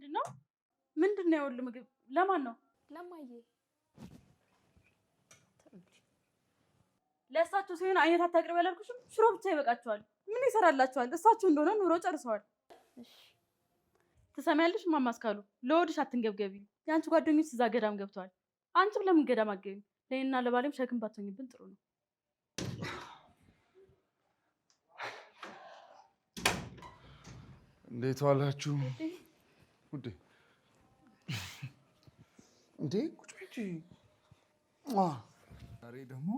ምንድን ነው? ምንድን ነው የወል ምግብ ለማን ነው? ለማየ ለእሳቸው ሲሆን አይነት አታቅርብ ያላልኩሽም። ሽሮ ብቻ ይበቃቸዋል። ምን ይሰራላቸዋል? እሳቸው እንደሆነ ኑሮ ጨርሰዋል። ትሰሚያለሽ? ማማስካሉ ለወድሽ አትንገብገቢ። የአንቺ ጓደኞች እዛ ገዳም ገብተዋል። አንቺም ለምን ገዳም አትገቢም? ለእኔና ለባሌም ሸክም ባትሆኝብን ጥሩ ነው። እንዴት ዋላችሁ? ውዴ እንዴ ቁጭ ብዬ ዛሬ ደግሞ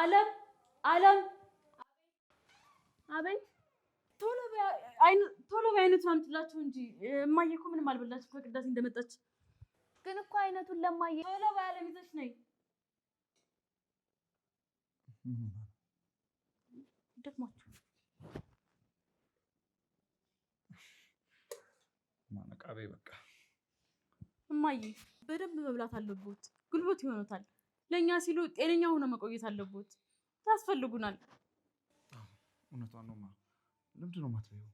አለም አለም አቤት ቶሎ በአይነቱ አምጥላቸው እንጂ እማዬ እኮ ምንም አልበላችሁ ከቅዳሴ እንደመጣች ግን እኮ አይነቱን ለማየ ቶሎ በአለም ይዘሽ ነይ ደክሟችሁ ማነቃቤ በቃ እማዬ በደንብ መብላት አለቦት። ጉልበት ይሆኑታል። ለእኛ ሲሉ ጤነኛ ሆነ መቆየት አለቦት። ያስፈልጉናል። እውነቷን ነው። ልምድ ነው ማትበይው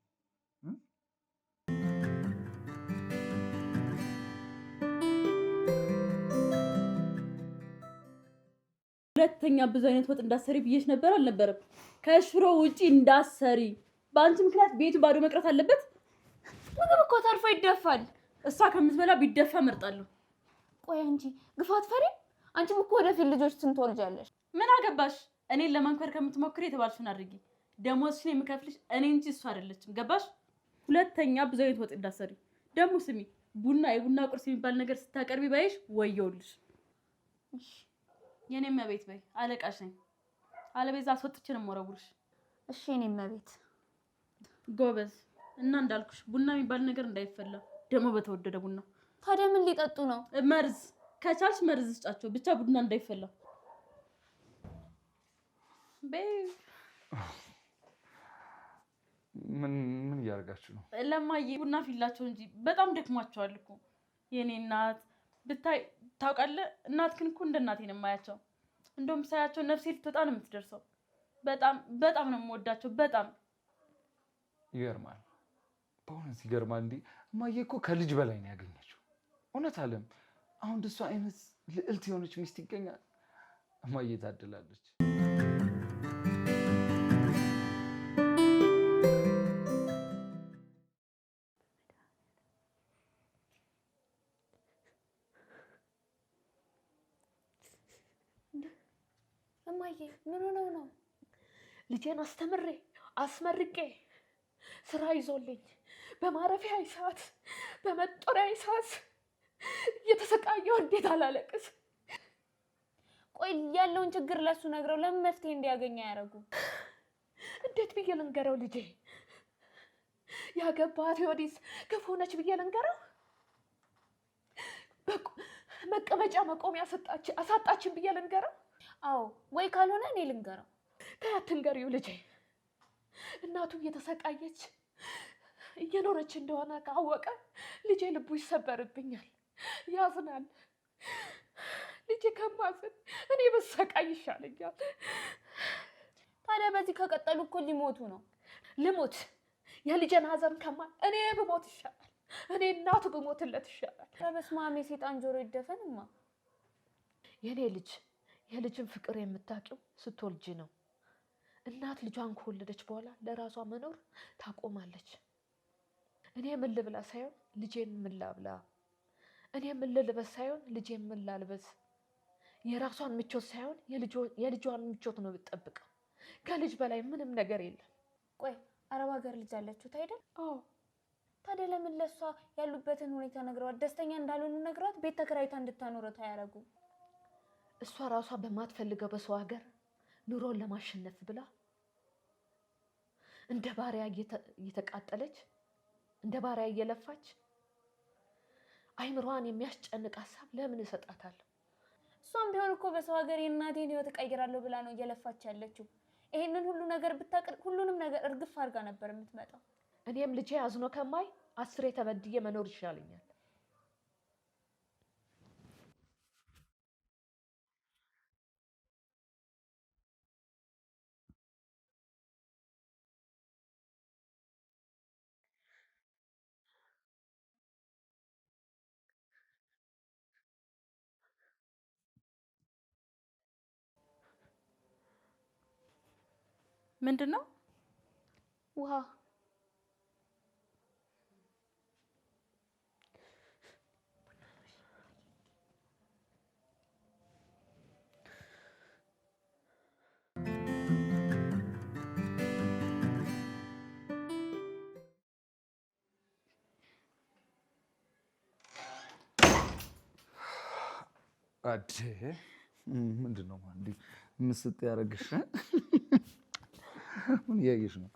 ሁለተኛ ብዙ አይነት ወጥ እንዳሰሪ ብዬሽ ነበር አልነበረም? ከሽሮ ውጪ እንዳሰሪ። በአንቺ ምክንያት ቤቱ ባዶ መቅረት አለበት? ምግብ እኮ ተርፎ ይደፋል። እሷ ከምትበላ ቢደፋ እመርጣለሁ። ቆይ እንጂ ግፋት ፈሪ። አንቺም እኮ ወደፊት ልጆች ትንትወልጃለሽ። ምን አገባሽ? እኔን ለመንከር ከምትሞክር የተባልሽን አድርጊ። ደሞዝሽን የምከፍልሽ እኔ እንጂ እሱ አይደለችም። ገባሽ? ሁለተኛ ብዙ አይነት ወጥ እንዳሰሪ። ደግሞ ስሚ ቡና የቡና ቁርስ የሚባል ነገር ስታቀርቢ ባይሽ ወየውልሽ። የኔም ቤት በይ አለቃሽ ነኝ። አለቤዛ አስወጥቼ ነው የምወረውርሽ። እሺ የኔም ቤት ጎበዝ። እና እንዳልኩሽ ቡና የሚባል ነገር እንዳይፈላ ደግሞ በተወደደ ቡና። ታዲያ ምን ሊጠጡ ነው? መርዝ ከቻልሽ መርዝ ስጫቸው ብቻ ቡና እንዳይፈላ። ምን ምን እያደረጋችሁ ነው? ለማዬ ቡና ፊላቸው እንጂ በጣም ደክሟቸዋል እኮ የኔ እናት ብታይ ታውቃለህ፣ እናትክን እኮ እንደ እናቴ ነው የማያቸው። እንደውም ሳያቸው ነፍሴ ልትወጣ ነው የምትደርሰው። በጣም በጣም ነው የምወዳቸው። በጣም ይገርማል፣ በእውነት ይገርማል። እንዲህ እማዬ እኮ ከልጅ በላይ ነው ያገኘችው። እውነት አለም፣ አሁን እሷ አይነት ልዕልት የሆነች ሚስት ይገኛል። እማዬ ታድላለች። እማዬ ምን ሆነው ነው? ልጄን አስተምሬ አስመርቄ ስራ ይዞልኝ በማረፊያ ሰዓት በመጦሪያ ሰዓት እየተሰቃየሁ እንዴት አላለቅስ? ቆይ ያለውን ችግር ለሱ ነግረው ለምን መፍትሄ እንዲያገኝ አያደርጉ? እንዴት ብዬ ልንገረው? ልጄ ያገባት ወዲስ ክፉ ነች ብዬ ልንገረው? መቀመጫ መቆሚያ አሳጣችን ብዬ ልንገረው? አዎ ወይ ካልሆነ እኔ ልንገረው። ተይ አትንገሪው ልጄ። እናቱ እየተሰቃየች እየኖረች እንደሆነ ካወቀ ልጄ ልቡ ይሰበርብኛል፣ ያዝናል። ልጄ ከማዝን እኔ በሰቃይ ይሻለኛል። ታዲያ በዚህ ከቀጠሉ እኮ ሊሞቱ ነው። ልሞት የልጄን ሀዘን ከማ እኔ ብሞት ይሻላል። እኔ እናቱ ብሞትለት ይሻላል። በስመ አብ! የሴጣን ጆሮ ይደፈንማ የእኔ ልጅ የልጅን ፍቅር የምታውቂው ስትወልጂ ነው። እናት ልጇን ከወለደች በኋላ ለራሷ መኖር ታቆማለች። እኔ ምን ልብላ ሳይሆን ልጄን ምን ላብላ፣ እኔ ምን ልልበስ ሳይሆን ልጄን ምን ላልበስ፣ የራሷን ምቾት ሳይሆን የልጇን ምቾት ነው የምጠብቀው። ከልጅ በላይ ምንም ነገር የለም። ቆይ አረብ ሀገር ልጅ አለችሁት አይደል? አዎ። ታዲያ ለምን ለሷ ያሉበትን ሁኔታ ነግረዋት፣ ደስተኛ እንዳልሆኑ ነግረዋት፣ ቤት ተከራይታ እንድታኖረ ታያረጉ እሷ ራሷ በማትፈልገው በሰው ሀገር ኑሮን ለማሸነፍ ብላ እንደ ባሪያ እየተቃጠለች እንደ ባሪያ እየለፋች አይምሯን የሚያስጨንቅ ሀሳብ ለምን እሰጣታለሁ? እሷም ቢሆን እኮ በሰው ሀገር የእናቴን ህይወት እቀይራለሁ ብላ ነው እየለፋች ያለችው። ይህንን ሁሉ ነገር ብታቅል ሁሉንም ነገር እርግፍ አድርጋ ነበር የምትመጣው። እኔም ልጄ አዝኖ ከማይ አስሬ ተበድዬ መኖር ይሻለኛል። ምንድን ነው? ውሃ። አዴ ምንድን ነው ምስጥ ያደረግሽ? 嗯，耶基什诺。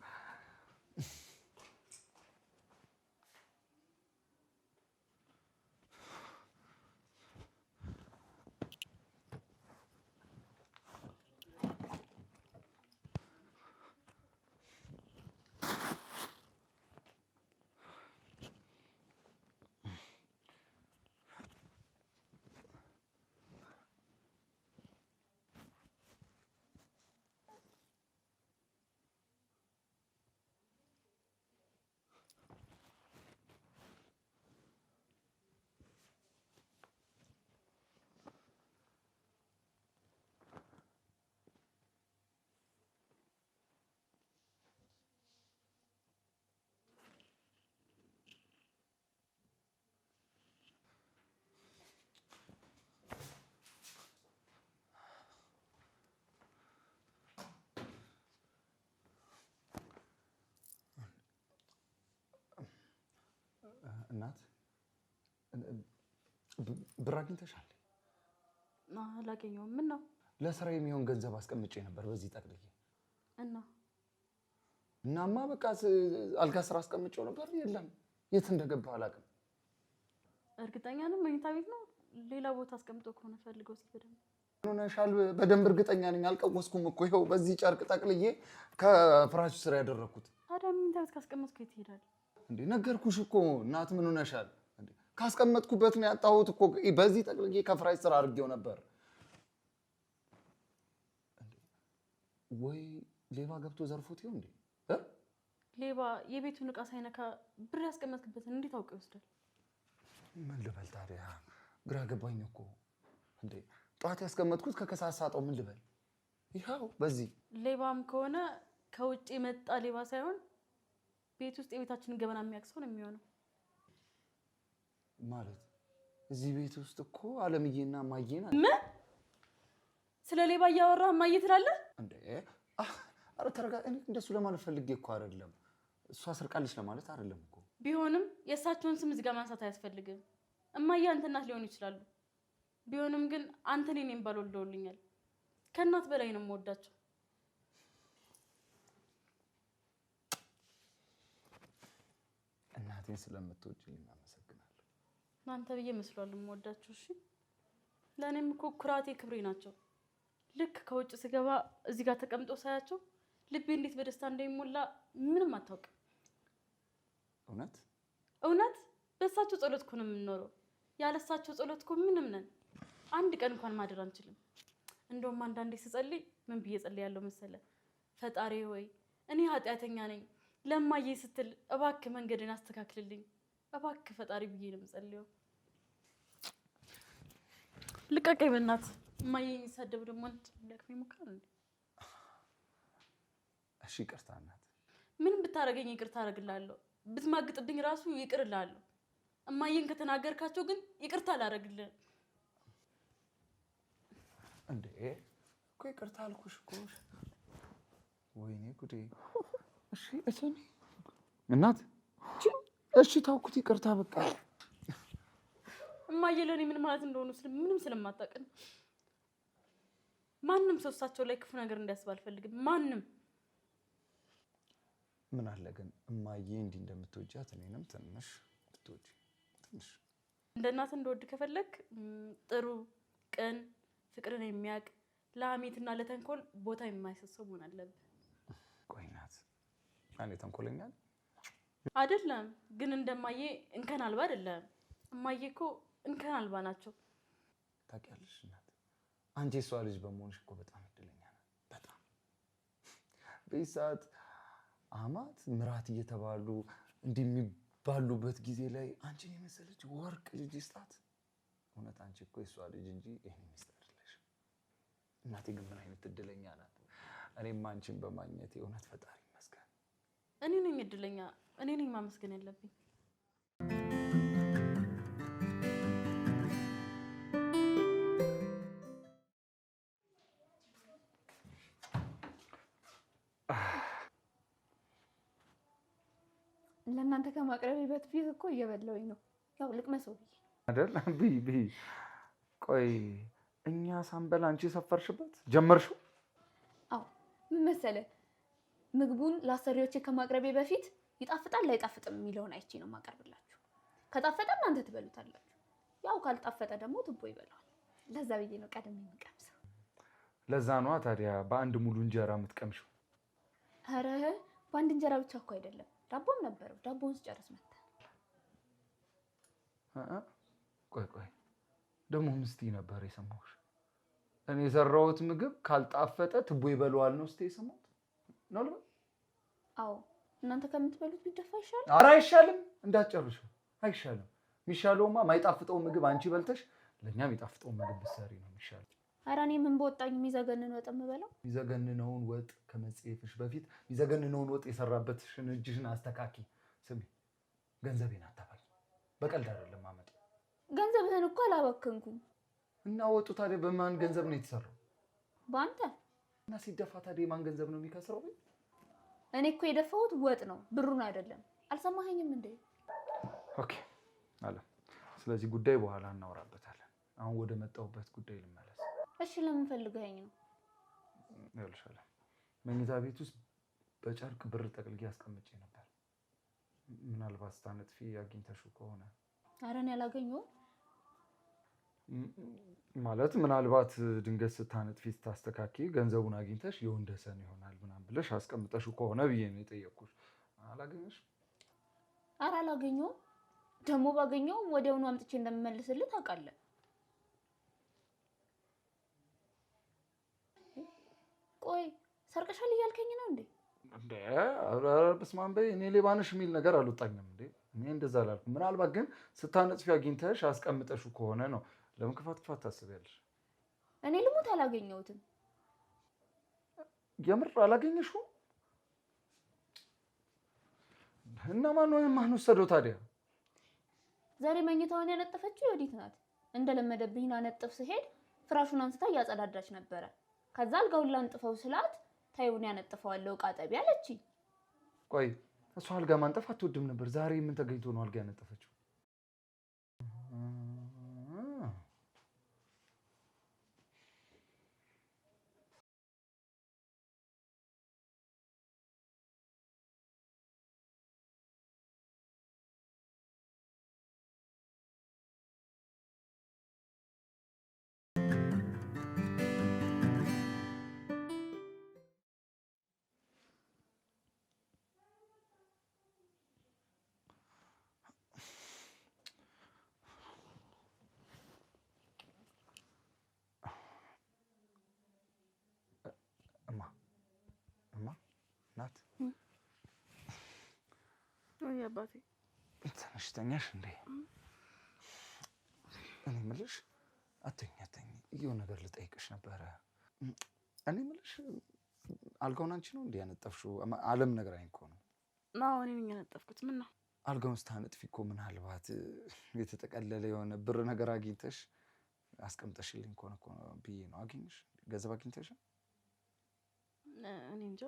እናት ብር አግኝተሻል? አላገኘሁም። ምን ነው? ለስራ የሚሆን ገንዘብ አስቀምጬ ነበር በዚህ ጠቅልዬ። እና እናማ በቃ አልጋ ስራ አስቀምጬው ነበር፣ የለም የት እንደገባ አላውቅም። እርግጠኛ ነው መኝታ ቤት ነው። ሌላ ቦታ አስቀምጦ ከሆነ ፈልገው እስኪ በደንብ ሆነሻል። በደንብ እርግጠኛ ነኝ። አልቀወስኩም እኮ ይኸው በዚህ ጨርቅ ጠቅልዬ ከፍራሽ ስራ ያደረግኩት። ታዲያ መኝታ ቤት ካስቀመጥኩ የት ይሄዳል? እንዴ ነገርኩሽ እኮ እናት ምን ሆነሻል? ካስቀመጥኩበት ነው ያጣሁት እኮ በዚህ ጠቅልዬ ከፍራይ ስራ አድርጌው ነበር። ወይ ሌባ ገብቶ ዘርፎት ይሁን እንዴ? ሌባ የቤቱን እቃ ሳይነካ ብር ያስቀመጥክበትን እንዴት አውቀ ይወስዳል? ምን ልበል ታዲያ ግራ ገባኝ እኮ እንዴ። ጠዋት ያስቀመጥኩት ከከሳሳጠው ምን ልበል? ይኸው በዚህ ሌባም ከሆነ ከውጭ የመጣ ሌባ ሳይሆን ቤት ውስጥ የቤታችንን ገበና የሚያቅሰው ነው የሚሆነው። ማለት እዚህ ቤት ውስጥ እኮ አለምዬና እማዬ ናት። ምን ስለ ሌባ እያወራ እማዬ ትላለህ እንዴ? ተረጋ። እኔ እንደሱ ለማለት ፈልጌ እኮ አይደለም። እሷ ስርቃለች ለማለት አይደለም እኮ። ቢሆንም የእሳቸውን ስም እዚህ ጋ ማንሳት አያስፈልግም። እማዬ አንተ እናት ሊሆኑ ይችላሉ። ቢሆንም ግን አንተ እኔን ባል ወልደውልኛል። ከእናት በላይ ነው የምወዳቸው እናቴን ስለምትወጂኝ አመሰግናለሁ። እናንተ ብዬ መስሏል የምወዳችሁ። እሺ ለእኔም እኮ ኩራቴ ክብሬ ናቸው። ልክ ከውጭ ስገባ እዚህ ጋር ተቀምጦ ሳያቸው ልቤ እንዴት በደስታ እንደሚሞላ ምንም አታውቅም። እውነት እውነት በእሳቸው ጸሎት እኮ ነው የምንኖረው። ያለሳቸው ጸሎት እኮ ምንም ነን። አንድ ቀን እንኳን ማደር አንችልም። እንደውም አንዳንዴ ስጸልይ ምን ብዬ ጸልያለሁ መሰለ? ፈጣሪ ሆይ እኔ ኃጢአተኛ ነኝ ለማዬ ስትል እባክህ መንገድን አስተካክልልኝ እባክህ ፈጣሪ ብዬ ነው የምጸልየው። ልቀቀኝ በእናት እማዬ የሚሳደብ ደግሞ ሊያክም ይሞክራል እንዴ? እሺ ይቅርታ እናት። ምንም ብታደርገኝ ይቅርታ አደርግልሃለሁ። ብትማግጥብኝ ራሱ ይቅር እልሃለሁ። እማዬን ከተናገርካቸው ግን ይቅርታ አላደርግልህም። እንዴ እኮ ይቅርታ አልኩሽ እኮ። ወይኔ ጉዴ እናት እሺ ታውኩት፣ ይቅርታ በቃ እማዬ፣ ለእኔ ምን ማለት እንደሆኑ ምንም ስለማታውቅ ነው። ማንም ሰው እሳቸው ላይ ክፉ ነገር እንዲያስብ አልፈልግም። ማንም ምን አለ ግን እማዬ እንዲህ እንደምትወጃት እኔንም ትንሽ ብትወጂ ትንሽ እንደ እናት እንደወድ ከፈለግ ጥሩ፣ ቅን፣ ፍቅርን የሚያውቅ ለሐሜትና ለተንኮል ቦታ የማይሰጥ ሰው መሆን አለብህ። ቆይ ናት አንዴ ተንኮለኛ አይደለም ግን እንደማዬ እንከን አልባ አይደለም። እማዬ እኮ እንከን አልባ ናቸው። ታውቂያለሽ እናት፣ አንቺ የሷ ልጅ በመሆንሽ እኮ በጣም እድለኛ ናት። በጣም በዚህ ሰዓት አማት ምራት እየተባሉ እንደሚባሉበት ጊዜ ላይ አንቺን የመሰለች ወርቅ ልጅ ስጣት። እውነት አንቺ እኮ የሷ ልጅ እንጂ ይህን ሚስጥ አይደለሽም። እናቴ ግን ምን አይነት እድለኛ ናት! እኔም አንቺን በማግኘት የእውነት ፈጣሪ እኔ ነኝ እድለኛ፣ እኔ ነኝ ማመስገን ያለብኝ። ለእናንተ ከማቅረብ በት ፊት እኮ እየበላሁኝ ነው። ያው ልቅመሰው ብዬ አይደል? ብይ ብይ። ቆይ እኛ ሳንበላ አንቺ ሰፈርሽበት ጀመርሽው? አዎ ምን መሰለህ ምግቡን ለአሰሪዎቼ ከማቅረቤ በፊት ይጣፍጣል አይጣፍጥም የሚለውን አይቼ ነው የማቀርብላችሁ። ከጣፈጠ እናንተ ትበሉታላችሁ። ያው ካልጣፈጠ ደግሞ ትቦ ይበላዋል። ለዛ ብዬ ነው ቀደም የምቀምሰው። ለዛ ነዋ ታዲያ በአንድ ሙሉ እንጀራ የምትቀምሽው። ኧረ በአንድ እንጀራ ብቻ እኮ አይደለም፣ ዳቦም ነበረው። ዳቦውን ስጨርስ መጣ። ቆይ ቆይ ደግሞ ምስቲ ነበር የሰማሁሽ። እኔ የሰራሁት ምግብ ካልጣፈጠ ትቦ ይበላዋል ነው ስቴ የሰማሁት ነው አዎ እናንተ ከምትበሉት ቢደፋ ይሻላል። ኧረ አይሻልም፣ እንዳትጨርሺው። አይሻልም። የሚሻለውማ ማይጣፍጠውን ምግብ አንቺ በልተሽ ለእኛ የሚጣፍጠውን ምግብ ብትሰሪ ነው የሚሻለው። ኧረ እኔ ምን በወጣኝ የሚዘገንን ወጥ የምበላው። የሚዘገንነውን ወጥ ከመጽሔፍሽ በፊት የሚዘገንነውን ወጥ የሰራበትሽን እጅሽን አስተካኪ። ስሚ፣ ገንዘቤን አታባል። በቀልድ አይደለም ማመጣ። ገንዘብህን እኮ አላባከንኩም። እና ወጡ ታዲያ በማን ገንዘብ ነው የተሰራው? በአንተ እና ሲደፋ ታዲያ የማን ገንዘብ ነው የሚከስረው? እኔ እኮ የደፋሁት ወጥ ነው ብሩን አይደለም። አልሰማኸኝም እንዴ? ኦኬ አለ። ስለዚህ ጉዳይ በኋላ እናወራበታለን። አሁን ወደ መጣሁበት ጉዳይ ልመለስ። እሺ፣ ለምን ፈልገኸኝ ነው? መኝታ ቤት ውስጥ በጨርቅ ብር ጠቅልጌ አስቀምጬ ነበር። ምናልባት ስታነጥፊ አግኝተሽው ከሆነ። ኧረ እኔ ማለት ምናልባት ድንገት ፊት ስታስተካኪ ገንዘቡን አግኝተሽ የወንደሰን ይሆናል ምናምን ብለሽ አስቀምጠሽ ከሆነ ብዬ ነው የጠየቅኩሽ። አላገኘሽ? ኧረ አላገኘሁም። ደግሞ ባገኘው ወዲያውኑ አምጥቼ እንደምመልስልህ ታውቃለህ። ቆይ ሰርቀሻል እያልከኝ ነው እንዴ? እንደ በይ። እኔ ሌባነሽ የሚል ነገር አልወጣኝም እኔ እንደዛ አላልኩም። ምናልባት ግን ስታነጥፊ አግኝተሽ አስቀምጠሹ ከሆነ ነው ለምን ክፋት ክፋት ታስቢያለሽ? እኔ ልሙት አላገኘሁትም። የምር አላገኘሽው? እና ማን ማን ወሰደው ታዲያ? ዛሬ መኝታውን ያነጠፈችው የወዲት ናት። እንደለመደብኝ አነጥፍ ስሄድ ፍራሹን አንስታ እያጸዳዳች ነበረ። ከዛ አልጋውን ላንጥፈው ስላት ታዩን ያነጥፈዋለሁ ዕቃ ጠቢ አለችኝ። ቆይ እሷ አልጋ ማንጠፍ አትወድም ነበር። ዛሬ ምን ተገኝቶ ነው አልጋ ያነጠፈችው? ናት። አባቴ ትንሽ እንዴ? እኔ የምልሽ አተኛ ተኝ፣ የሆነ ነገር ልጠይቅሽ ነበረ። እኔ የምልሽ አልጋውን አንቺ ነው እንዴ ያነጠፍሽው? አለም ነገር አይን እኮ ነው። አዎ እኔ ነኝ ያነጠፍኩት። ምን ነው አልጋውን ስታነጥፊ እኮ ምናልባት የተጠቀለለ የሆነ ብር ነገር አግኝተሽ አስቀምጠሽልኝ ከሆነ ብዬ ነው። አግኝሽ ገንዘብ አግኝተሽ እኔ እንጃ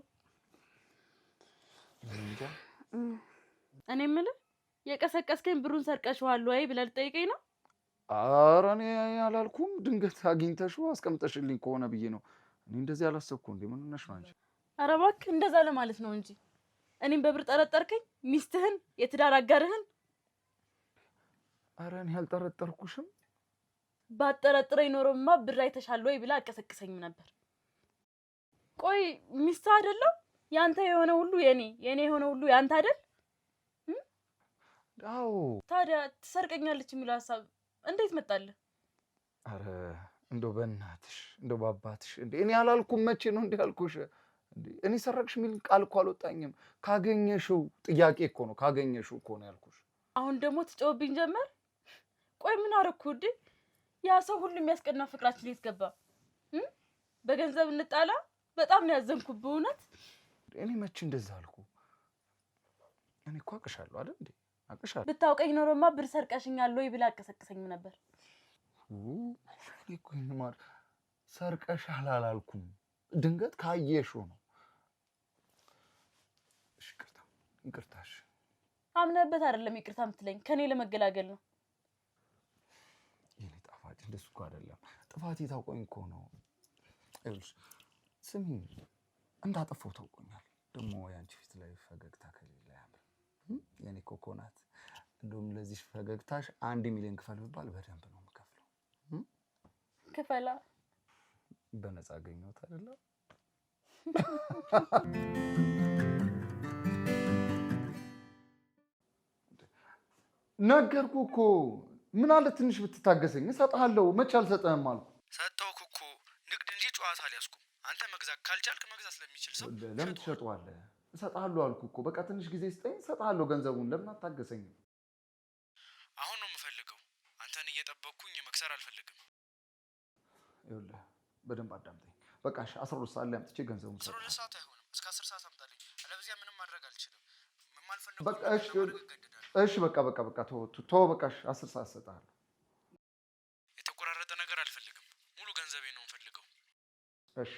እኔ የምልህ የቀሰቀስከኝ ብሩን ሰርቀሽዋል ወይ ብለህ ልጠይቀኝ ነው? ኧረ እኔ አላልኩም። ድንገት አግኝተሽው አስቀምጠሽልኝ ከሆነ ብዬ ነው። እኔ እንደዚህ አላሰብኩ። እንዴ ምን ሆነሽ ነው አንቺ? ኧረ እባክህ እንደዛ ለማለት ነው እንጂ እኔም በብር ጠረጠርከኝ? ሚስትህን፣ የትዳር አጋርህን። ኧረ እኔ አልጠረጠርኩሽም። ባጠረጥረኝ ኖሮማ ብር አይተሻል ወይ ብላ አቀሰቅሰኝም ነበር። ቆይ ሚስትህ አይደለም ያንተ የሆነ ሁሉ የኔ የኔ የሆነ ሁሉ ያንተ አይደል? አዎ። ታዲያ ትሰርቀኛለች የሚለው ሀሳብ እንዴት መጣለ? አረ እንደው በእናትሽ እንደው በአባትሽ እንዴ! እኔ አላልኩም። መቼ ነው እንዲህ አልኩሽ? እኔ ሰረቅሽ የሚል ቃል እኮ አልወጣኝም። ካገኘሽው ጥያቄ እኮ ነው ካገኘሽው እኮ ነው ያልኩሽ። አሁን ደግሞ ትጨውብኝ ጀመር። ቆይ ምን አደረኩ ውዴ? ያ ሰው ሁሉ የሚያስቀና ፍቅራችን የት ገባ? በገንዘብ እንጣላ። በጣም ነው ያዘንኩብህ እኔ መቼ እንደዛ አልኩ? እኔ እኮ አቅሻለሁ አይደል እንዴ? አቅሻለሁ። ብታውቀኝ ኖሮማ ብር ሰርቀሽኛል ወይ ብላ አቀሰቅሰኝ ነበር። ይማር ሰርቀሻል አላልኩም። ድንገት ካየሽው ነው። ይቅርታ ይቅርታሽ። አምነህበት አይደለም ይቅርታ ምትለኝ? ከእኔ ለመገላገል ነው። የኔ ጣፋጭ እንደሱ እኮ አይደለም። ጥፋቴ ታውቀኝ እኮ ነው። ስሚ እንዳጠፋው ታውቆኛል። ደግሞ የአንቺ ፊት ላይ ፈገግታ ከሌለ ያምር የኔ ኮኮናት። እንደውም ለዚህ ፈገግታሽ አንድ ሚሊዮን ክፈል ብባል በደንብ ነው የምከፍለው። ክፈላ። በነፃ አገኘሁት አይደለ? ነገርኩ እኮ ምን አለ ትንሽ ብትታገሰኝ እሰጥሃለሁ። መቼ አልሰጠህም አልኩ። ሰጠ ካልቻልክ መግዛት ስለሚችል ሰው ለምን ትሸጠዋለህ? እሰጥሃለሁ አልኩ እኮ በቃ ትንሽ ጊዜ ስጠኝ፣ እሰጥሃለሁ ገንዘቡን። ለምን አታገሰኝም? አሁን ነው የምፈልገው። አንተን እየጠበቅኩኝ መክሰር አልፈልግም። ይኸውልህ በደንብ አዳምጠኝ። በቃ እሺ፣ አስራ ሁለት ሰዓት ላይ አምጥቼ ገንዘቡን። አስራ ሁለት ሰዓት አይሆንም፣ እስከ አስር ሰዓት አምጣልኝ። አለበለዚያ ምንም ማድረግ አልችልም። እሺ፣ በቃ በቃ በቃ ቶ በቃ አስር ሰዓት እሰጥሃለሁ። የተቆራረጠ ነገር አልፈልግም። ሙሉ ገንዘቤ ነው የምፈልገው። እሺ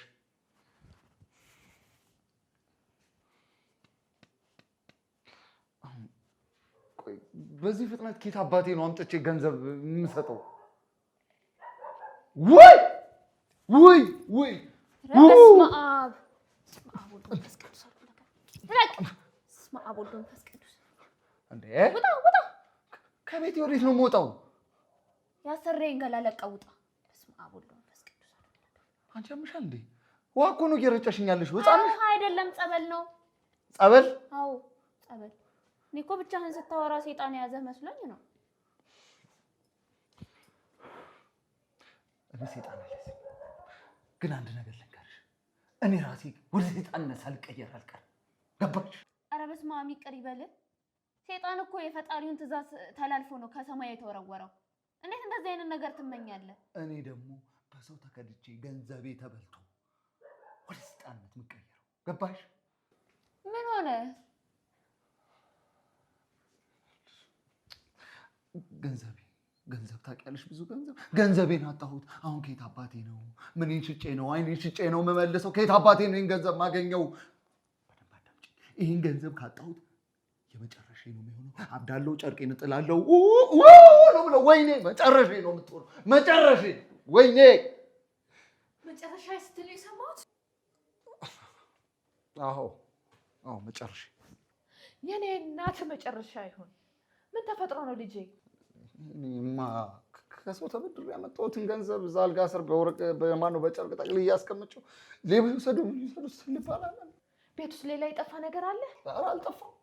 በዚህ ፍጥነት ኬት አባቴ ነው አምጥቼ ገንዘብ የምሰጠው? ውይ ውይ ውይ! ከቤት ወዴት ነው የምወጣው? ያሰሬን ገላለቀ ውጣ። አንቺ አምሻል እንዴ? ውሃ እኮ ነው እየረጨሽኛለሽ። አይደለም ጸበል ነው ጸበል። አዎ ጸበል እኔ እኮ ብቻህን ስታወራ ሴጣን የያዘህ መስሎኝ ነው። እኔ ሴጣን አይደለም፣ ግን አንድ ነገር ልንገርሽ፣ እኔ ራሴ ወደ ሴጣንነት ሳልቀየር አልቀርም። ገባሽ? ኧረ በስመ አብ ይቅር ሴጣን እኮ የፈጣሪውን ትእዛዝ ተላልፎ ነው ከሰማይ የተወረወረው። እንዴት እንደዚህ አይነት ነገር ትመኛለህ? እኔ ደግሞ በሰው ተከድቼ ገንዘቤ ተበልቶ ወደ ሴጣንነት የምቀየረው ገባሽ? ምን ሆነ? ገንዘቤ ገንዘብ ታውቂያለሽ፣ ብዙ ገንዘብ ገንዘቤን አጣሁት። አሁን ከየት አባቴ ነው? ምን ሽጬ ነው? አይኔን ሽጬ ነው የምመልሰው? ከየት አባቴ ነው ይህን ገንዘብ ማገኘው? ይህን ገንዘብ ካጣሁት የመጨረሻ ነው የሚሆነው። አብዳለው፣ ጨርቄን ንጥላለው ነው ብለው። ወይኔ መጨረሻ ነው የምትሆነው። መጨረሻ ወይኔ መጨረሻ ስትል የሰማሁት አዎ፣ አዎ፣ መጨረሻ የኔ እናት መጨረሻ ይሁን። ምን ተፈጥሮ ነው ልጄ? ከሰው ተበድሮ ያመጣሁትን ገንዘብ እዛ አልጋ ስር በወርቅ በማነው በጨርቅ ጠቅል እያስቀመጨው ሌባ ይውሰደው ይውሰዱት እንባላለን። ቤት ውስጥ ሌላ የጠፋ ነገር አለ? ኧረ አልጠፋም።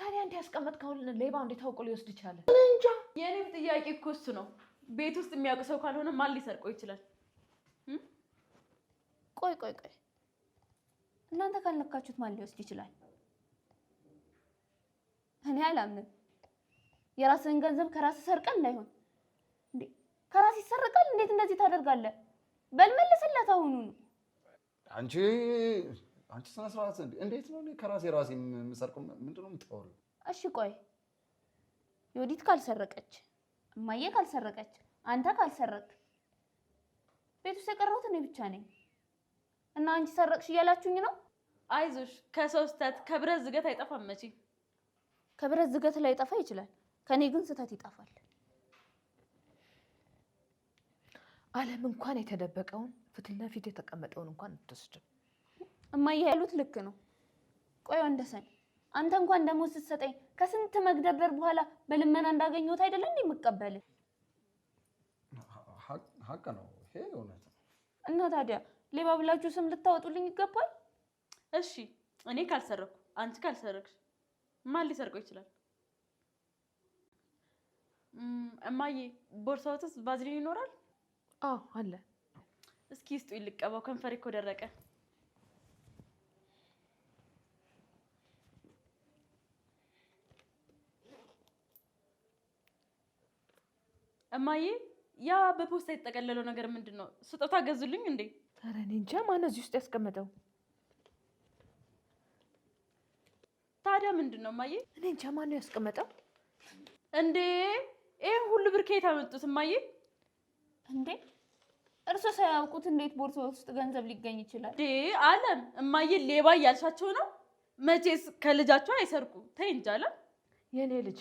ታዲያ እንዲህ ያስቀመጥከውን ሌባ እንዴት አውቆ ሊወስድ ይቻላል? እንጃ። የእኔም ጥያቄ እኮ እሱ ነው። ቤት ውስጥ የሚያውቅ ሰው ካልሆነ ማን ሊሰርቀው ይችላል? ቆይ ቆይ ቆይ፣ እናንተ ካልነካችሁት ማን ሊወስድ ይችላል? እኔ አላምንም። የራስህን ገንዘብ ከራስህ ሰርቀን እንዳይሆን እንዴ! ከራስህ ይሰርቃል? እንዴት እንደዚህ ታደርጋለህ? በል መልስለት አሁኑኑ። አንቺ አንቺ ስነ ስርዓት እንዴት ነው? ከራሴ ራሴ የምሰርቀው ምንድን ነው የምታወሪው? እሺ ቆይ ዮዲት ካልሰረቀች፣ እማዬ ካልሰረቀች፣ አንተ ካልሰረቅ፣ ቤት ውስጥ የቀረሁት እኔ ብቻ ነኝ። እና አንቺ ሰረቅሽ እያላችሁኝ ነው። አይዞሽ፣ ከሰው ስህተት ከብረት ዝገት አይጠፋም። መቼ ከብረት ዝገት ላይ ጠፋ ይችላል ከኔ ግን ስህተት ይጠፋል። ዓለም እንኳን የተደበቀውን ፊትና ፊት የተቀመጠውን እንኳን አትወስድም። እማዬ ያሉት ልክ ነው። ቆይ ወንደሰን፣ አንተ እንኳን ደሞዝ ስትሰጠኝ ከስንት መግደበር በኋላ በልመና እንዳገኘሁት አይደለም እንዴ የምቀበልህ? ሀቅ ነው ይሄ እውነት ነው። እና ታዲያ ሌባ ብላችሁ ስም ልታወጡልኝ ይገባል? እሺ እኔ ካልሰረኩ አንቺ ካልሰረክሽ ማን ሊሰርቀው ይችላል? እማዬ ቦርሳዎትስ ቫዝሊን ይኖራል? አዎ አለ። እስኪ ስጡ ይልቀባው፣ ከንፈሬ እኮ ደረቀ። እማዬ ያ በፖስታ የተጠቀለለው ነገር ምንድን ነው? ስጦታ ገዙልኝ እንዴ? ኧረ እኔ እንጃ ማን እዚህ ውስጥ ያስቀመጠው። ታዲያ ምንድን ነው እማዬ? እኔ እንጃ ማነው ነው ያስቀመጠው እንዴ? ይህ ሁሉ ብር ከየት አመጡት? እማዬ እንዴ እርሶ ሳያውቁት እንዴት ቦርሳ ውስጥ ገንዘብ ሊገኝ ይችላል? አለም እማዬ ሌባ እያልሻቸው ነው? መቼስ ከልጃቸው አይሰርቁም። ተይ እንጂ አለም የእኔ ልጅ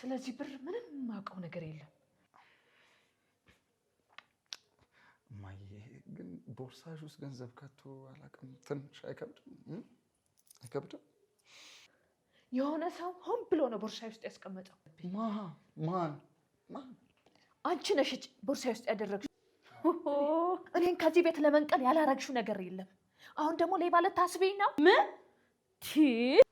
ስለዚህ ብር ምንም የማውቀው ነገር የለም። እማዬ ግን ቦርሳሽ ውስጥ ገንዘብ ከቶ አላውቅም። ትንሽ አይከብድም? አይከብድም የሆነ ሰው ሆን ብሎ ነው ቦርሳዬ ውስጥ ያስቀመጠው። ማን ማን? አንቺ ነሽ ቦርሳዬ ውስጥ ያደረግሽው። እኔን ከዚህ ቤት ለመንቀል ያላረግሽው ነገር የለም። አሁን ደግሞ ሌባ ልታስቢኝ ነው? ምን